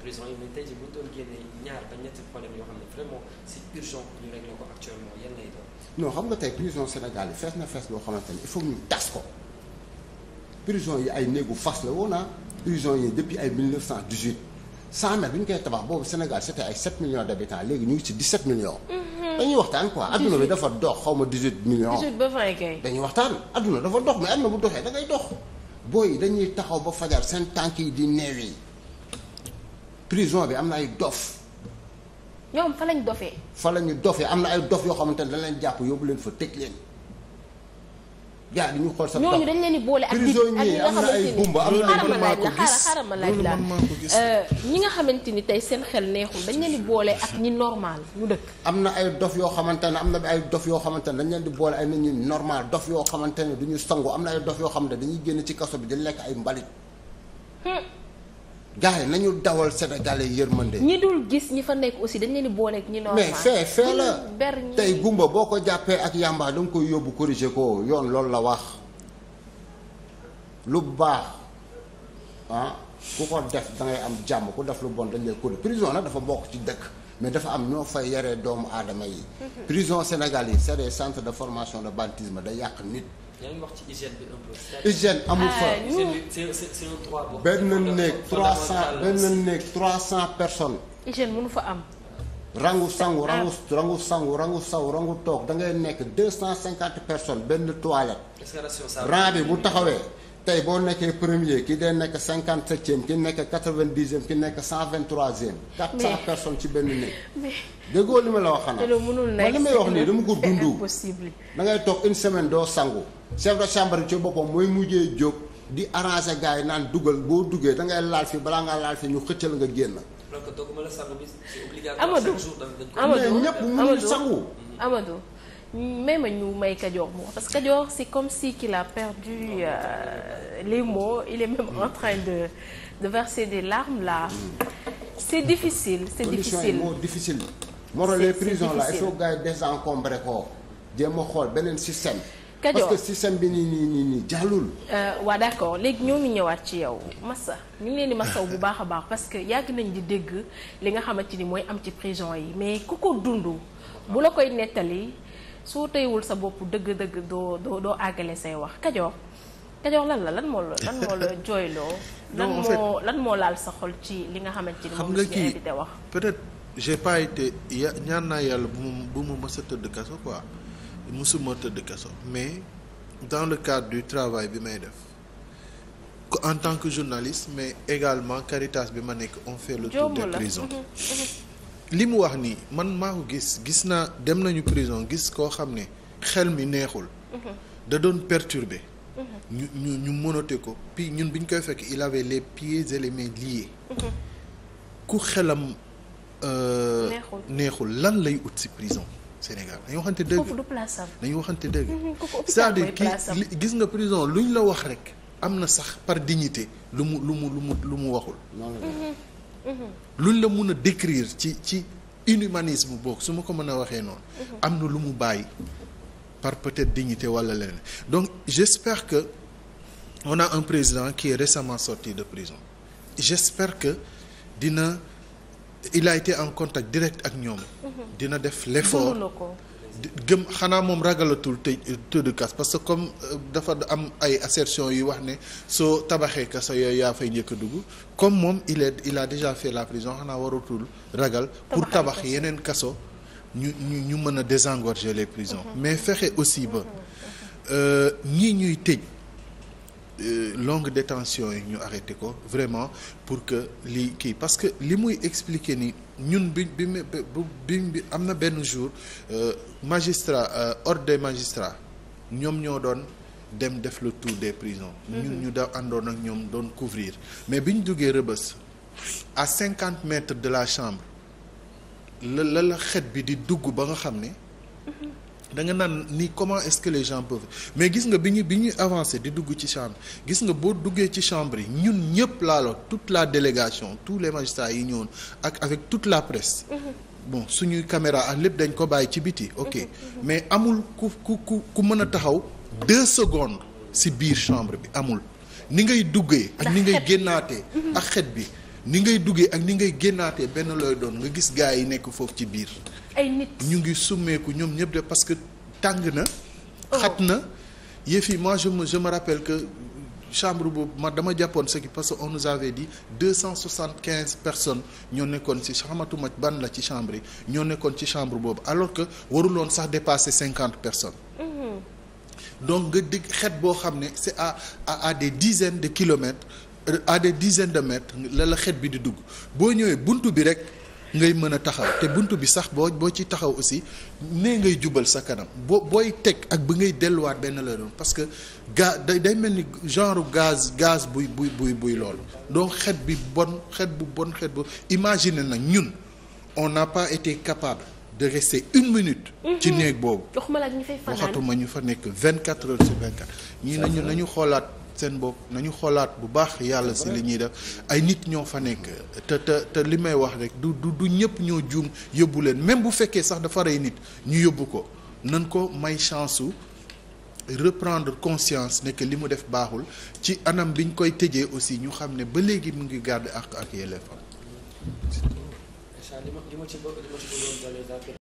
prison yi mais tey jii bu ñu doon génnee xam ne vraiment c'est urgent ñu nga tey prison Sénégal yi fees na fees loo xamante ne foog ñu tas ko prison yi ay néegu fas la woon ah prison yi depuis ay 1918 100 mètres bi ñu koy tabax boobu Sénégal c'était ay 7 millions d'habitants léegi ñu ngi ci 17 millions. Mhm. dañuy waxtaan quoi adduna bi dafa dox xaw ma 18 million dañuy waxtaan adduna dafa dox mais adduna bu doxee da dox booy dañuy taxaw ba fajar seen tànk yi di néew yi. prison bi am na ay dof. ñoom fa lañ dofee. fa lañu dofee am na ay dof yoo xamante ne dañ leen jàpp yóbbu leen fa tëj leen. gaa di ñu xool sa taw ñooñu dañ leen di boole ak nit ak ñi nga xamante ni ma laaj la xaaral ma euh, ñi nga xamante ni tey seen xel neexul dañ leen di boole ak ñi normal ñu dëkk. am na ay dof yoo xamante ne am na ay dof yoo xamante ne dañ leen di boole ay nit ñu normal dof yoo xamante ne du ñu sangu am na ay dof yoo xam dañuy génn ci kaso bi di lekk ay mbalit. Hmm. gars yi nañu dawal Sénégalais yërmande. ñi dul gis ñi fa nekk aussi dañ leen di booleeg ñi normal mais fee fee la tey gumba boo ko jàppee ak yàmbaa da koy yóbbu corrigé ko yoon loolu la wax lu baax ah ku ko def da am jàmm ku def lu bon dañ lay corrigé prison nag dafa bokk ci dëkk mais dafa am ñoo fay yare doomu aadama yi. Mhm. prison Sénégal yi c'est des centres de formation de banditisme da yàq nit. yaa ngi wax ci hygiène bi un peu. hygiène amul ah, fa c'est un droit. benn néeg 300 benn néeg 300 personnes. hygiène mënu fa am. rangu sangu ah. rangu rangu sangu rangu saw rangu toog da ngay nekk cinquante personnes benn toilette. rang bi bu taxawee. tey boo nekkee premier ki day nekk cinquante septième ki nekk quatre vingt dixième ki nekk cent vingt troisième. quatre cent personnes ci benn néeg. déggoo li ma la wax xanaa. te mënul li may wax nii dama ko dundu. dangay toog une semaine doo sangu. chef de chambre boppam mooy mujjee jóg di arranger gars yi naan dugal boo duggee da ngay laal fi balaa ngaa laal fi ñu xëccal nga génn. donc tooguma la sangu bi c'est obligatoire. Amadou Amadou ñëpp mënuñu sangu. Amadou. même ñu may Kajoor mu parce que Kajoor c'est comme si qu'il la perdu euh, euh, les mots il est même en train de de verser des larmes la c'est difficile c'est difficile moo difficile moo tax les prisons là il en gars yi désencombré ko jéem a xool beneen système Kajoor parce que système bi nii nii nii nii jàllul. Euh, waa d'accord léegi ñoo ngi ñëwaat ci yow Massa ñu ngi leen di Massaw bu baax a baax parce que yàgg nañ di dégg li nga xamante ni mooy am ci prison yi mais ku ko dund bu la koy nettali. soo téyewul sa bopp dëgg-dëgg doo doo doo àggale say wax Kajoor Kajoor lan la lan moo la lan moo lan moo laal sa xol ci li nga xamante ni moom la ñu wax. peut-être j'ai pas ya ñaan naa yàlla bu mu bu mu mës tëdd kaso quoi mësuma tëdd kaso mais dans le cadre du travail bi may def. en tant que journaliste mais également Caritas bi ma nekk on fait le tour des prisons. Mhm. Mhm. li mu wax nii man maa ko gis gis naa dem nañu prison gis koo xam ne xel mi neexul. Mhm. da doon perturbé. Mhm. ñu ñu ñu monote ko puis ñun bi ñu koy fekk il avait les pieds et les mhm. ku xelam. Euh, neexul neexul lan lay ut si prison Sénégal dañu waxante dëgg. foofu du place dañu waxante dëgg. c'est-à-dire kii gis nga prison luñ la wax rek am na sax par dignité lu lu mu lu mu lu mu waxul. luñ la mun a décrire ci ci inhumanisme boog su ma ko mën a waxee noonu. Mhm. am na lu mu bàyyi par peut-être dignité walla leneen donc j'espère que on a un président ki est récemment sorti de prison j'espère que dina il en contact direct ak ñoom. Mhm. dina def l'effort gëm xanaa moom ragalatul tëj tëdd kaso parce que comme euh, dafa am ay assertion yu wax ne soo tabaxee kaso yooyu yaa fay njëkk a dugg comme moom il est il a déjà fait la prison xanaa waratul ragal pour tabax yeneen kaso ñu ñu ñu mën a désengorger les prisons mm-hmm. mais fexe aussi ba mm-hmm. euh, ñi ñuy tëj longue détention yi ñu arrêté ko vraiment pour que lii kii parce que li muy expliquer ni ñun bi bi bi am na benn jour euh, magistrat euh, ordre des magistrats ñoom ñoo doon dem def le tour des prisons mhm. ñun ñu da àndoon ak ñoom doon couvrir mais bi ñu duggee rëbës à cinquante mètres de la chambre la la la xet bi di dugg ba nga xam ne da nga naan ni comment est-ce que mais gis nga bi ñu bi ñuy avancé di dugg ci chambre gis nga boo duggee ci chambre yi ñun ñëpp laaloo tout la délégation tous les magistrats yi ñëwoon ak avec tout la presse. Mm-hmm. bon suñuy caméra ak lépp dañ ko bàyyi ci biti ok mm-hmm. Mm-hmm. mais amul ku ku ku ku mën a taxaw deux secondes si biir chambre bi amul ni ngay duggee. ak ni ngay génnaatee ak xet bi. ni ngay duggee ak ni ngay génnaatee benn looy doon nga gis gars yi nekk foofu ci biir. ay ñu ngi summeeku ñoom ñëpp de parce que tàng na. Oh. xat na yëf yi moi je me je me rappelle que chambre boobu ma dama jàppoon ce qui parce que on di avait dit deux cent soixante personnes ñoo nekkoon ci xamatuma ban la ci chambre ñoo nekkoon ci chambre boobu alors que waruloon sax dépasser cinquante personnes. Mm-hmm. donc nga dégg xet boo xam ne c'est à à à des dizaines de kilomètres. à des dizaines de mètres la la xet bi di dugg boo ñëwee bunt bi rek ngay mën a taxaw te buntu bi sax boo boo ci taxaw aussi nee ngay jubal sa kanam boo booy teg ak bi ngay delluwaat benn la doon parce que gaz day mel ni genre gaz gaz buy buy buy buy loolu donc xet bi bon xet bu bon xet bu imagine nag ñun on n'a pas été capable de rester une minute. Mhm. ci néeg boobu. waxatuma ñu fa nekk vingt quatre heures sur vingt quatre. ñii nañu nañu xoolaat. seen bopp nañu xoolaat bu baax yàlla si li ñuy def ay nit ñoo fa nekk te te te li may wax rek du du du ñëpp ñoo juum yóbbu leen même bu fekkee sax dafa rey nit ñu yóbbu ko nan ko may chance su reprendre conscience ne li mu def baaxul ci anam biñ koy tëjee aussi ñu xam ne ba léegi mu ngi garder ak ak yelleefam